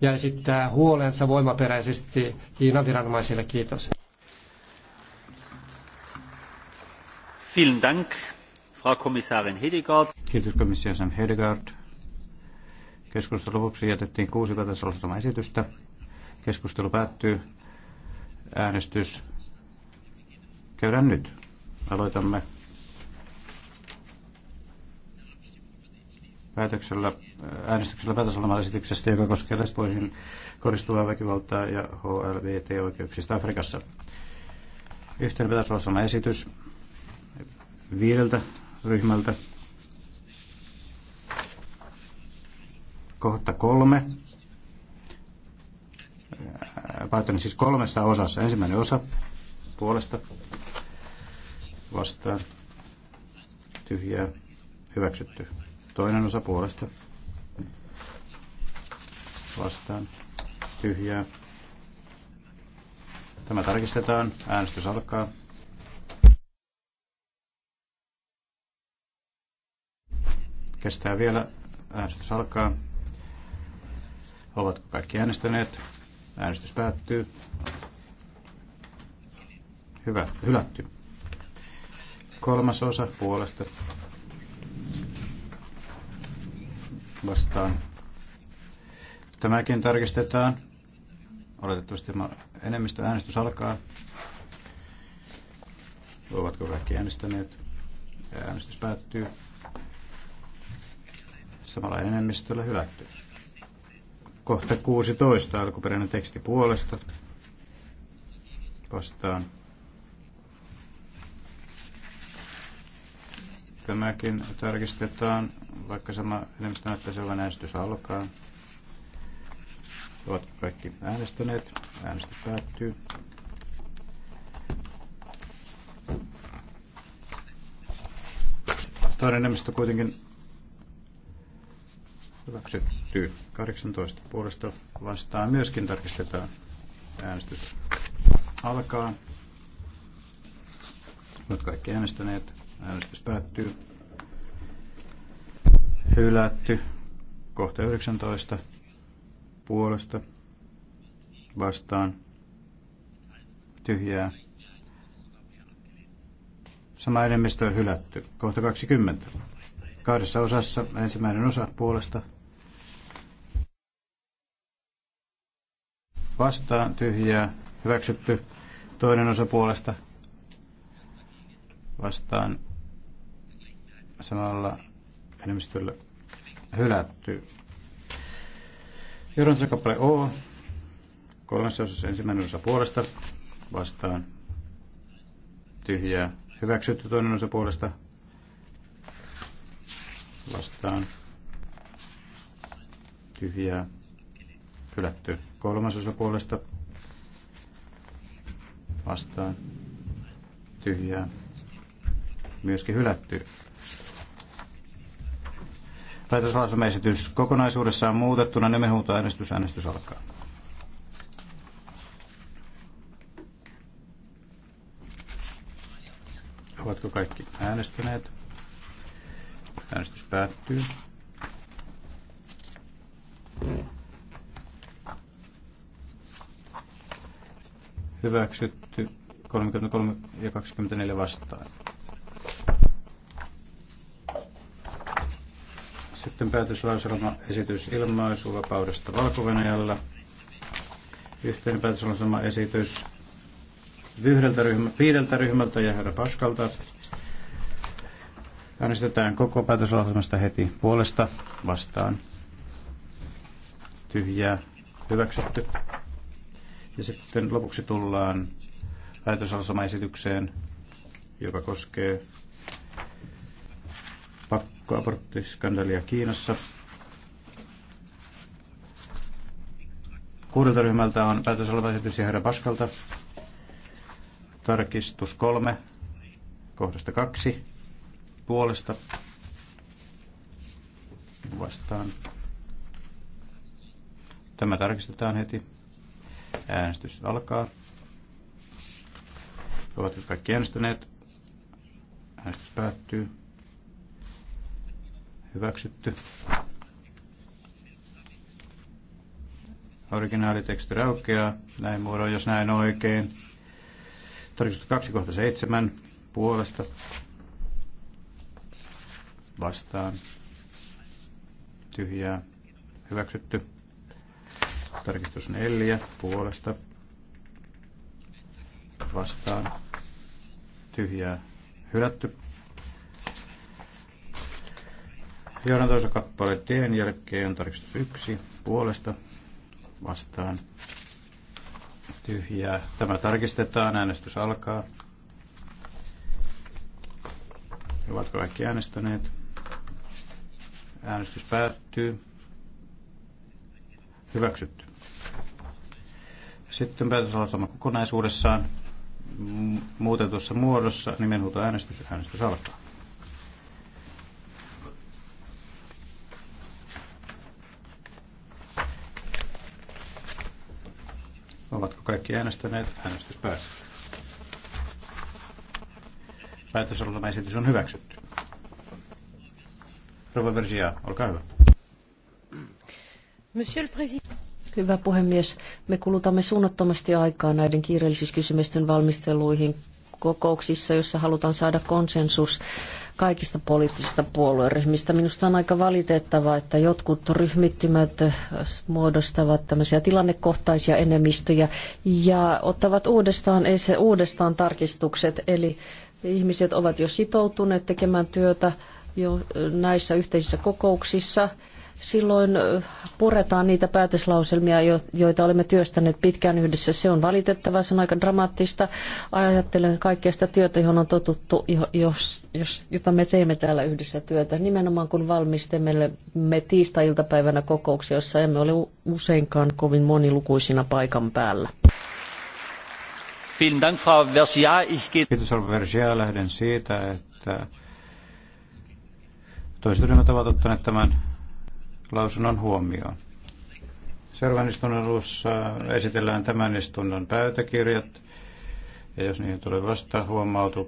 ja esittää huolensa voimaperäisesti Kiinan viranomaisille. Kiitos. Vielen Dank, Frau Kommissarin Hedegaard. Kiitos komissiosan Hedegaard. Keskustelun lopuksi jätettiin kuusi päätösolostama esitystä. Keskustelu päättyy. Äänestys käydään nyt. Aloitamme päätöksellä, äänestyksellä päätöslauselmaesityksestä, joka koskee lesboihin kohdistuvaa väkivaltaa ja HLVT-oikeuksista Afrikassa. Yhteinen esitys viideltä ryhmältä. Kohta kolme. Päätän siis kolmessa osassa. Ensimmäinen osa puolesta vastaan tyhjää hyväksytty. Toinen osa puolesta vastaan tyhjää. Tämä tarkistetaan. Äänestys alkaa. Kestää vielä. Äänestys alkaa. Ovatko kaikki äänestäneet? Äänestys päättyy. Hyvä, hylätty. Kolmas osa puolesta vastaan. Tämäkin tarkistetaan. Oletettavasti enemmistö äänestys alkaa. Ovatko kaikki äänestäneet? Äänestys päättyy. Samalla enemmistöllä hylätty. Kohta 16 alkuperäinen teksti puolesta. Vastaan Tämäkin tarkistetaan, vaikka sama enemmistö näyttää olevan äänestys alkaa. Ovat kaikki äänestäneet? Äänestys päättyy. Toinen enemmistö kuitenkin hyväksytty. 18 puolesta vastaan myöskin tarkistetaan. Äänestys alkaa. Ovat kaikki äänestäneet. Äänestys päättyy. Hylätty. Kohta 19. Puolesta. Vastaan. Tyhjää. Sama enemmistö on hylätty. Kohta 20. Kahdessa osassa ensimmäinen osa puolesta. Vastaan tyhjää. Hyväksytty. Toinen osa puolesta vastaan samalla enemmistöllä hylätty. Johdantosan kappale O, kolmessa osassa ensimmäinen osa puolesta vastaan tyhjää hyväksytty toinen osa puolesta vastaan tyhjää hylätty kolmas osa puolesta vastaan tyhjää myöskin hylätty. Päätöslausumaesitys kokonaisuudessaan muutettuna nimenhuutoäänestys. Äänestys alkaa. Ovatko kaikki äänestäneet? Äänestys päättyy. Hyväksytty 33 ja 24 vastaan. Sitten esitys ilmaisuvapaudesta Valko-Venäjällä. Yhteinen esitys yhdeltä ryhmä, viideltä ryhmältä ja herra Paskalta. Äänestetään koko päätöslauselmasta heti puolesta vastaan. Tyhjää hyväksytty. Ja sitten lopuksi tullaan esitykseen, joka koskee pakkoaborttiskandaalia Kiinassa. Kuudelta ryhmältä on oleva esitys herra Paskalta. Tarkistus kolme, kohdasta kaksi, puolesta vastaan. Tämä tarkistetaan heti. Äänestys alkaa. Ovatko kaikki äänestäneet? Äänestys päättyy. Hyväksytty. Originaaliteksti raukeaa näin muodoin, jos näin oikein. Tarkistus 2.7 puolesta vastaan. Tyhjää. Hyväksytty. Tarkistus 4 puolesta vastaan. Tyhjää. Hylätty. Johdan toisen kappaleen teen jälkeen tarkistus yksi puolesta vastaan tyhjää. Tämä tarkistetaan, äänestys alkaa. Ovatko kaikki äänestäneet? Äänestys päättyy. Hyväksytty. Sitten sama kokonaisuudessaan muutetussa muodossa äänestys. Äänestys alkaa. Ovatko kaikki äänestäneet? Äänestys päättyy. Päätösolema esitys on hyväksytty. Rova Vergia, olkaa hyvä. Monsieur le Président. Hyvä puhemies. Me kulutamme suunnattomasti aikaa näiden kiireellisyyskysymysten valmisteluihin kokouksissa, jossa halutaan saada konsensus kaikista poliittisista puolueryhmistä. Minusta on aika valitettavaa, että jotkut ryhmittymät muodostavat tämmöisiä tilannekohtaisia enemmistöjä ja ottavat uudestaan, uudestaan tarkistukset. Eli ihmiset ovat jo sitoutuneet tekemään työtä jo näissä yhteisissä kokouksissa – silloin puretaan niitä päätöslauselmia, joita olemme työstäneet pitkään yhdessä. Se on valitettavaa, se on aika dramaattista. Ajattelen kaikkea sitä työtä, johon on totuttu, jos, jos, jota me teemme täällä yhdessä työtä. Nimenomaan kun valmistemme me tiistai-iltapäivänä kokouksia, joissa emme ole useinkaan kovin monilukuisina paikan päällä. Kiitos, Versia. Lähden siitä, että toiset ovat ottaneet tämän lausunnon huomioon. Seuraavan istunnon alussa esitellään tämän istunnon päätökirjat, ja jos niihin tulee vasta huomautu,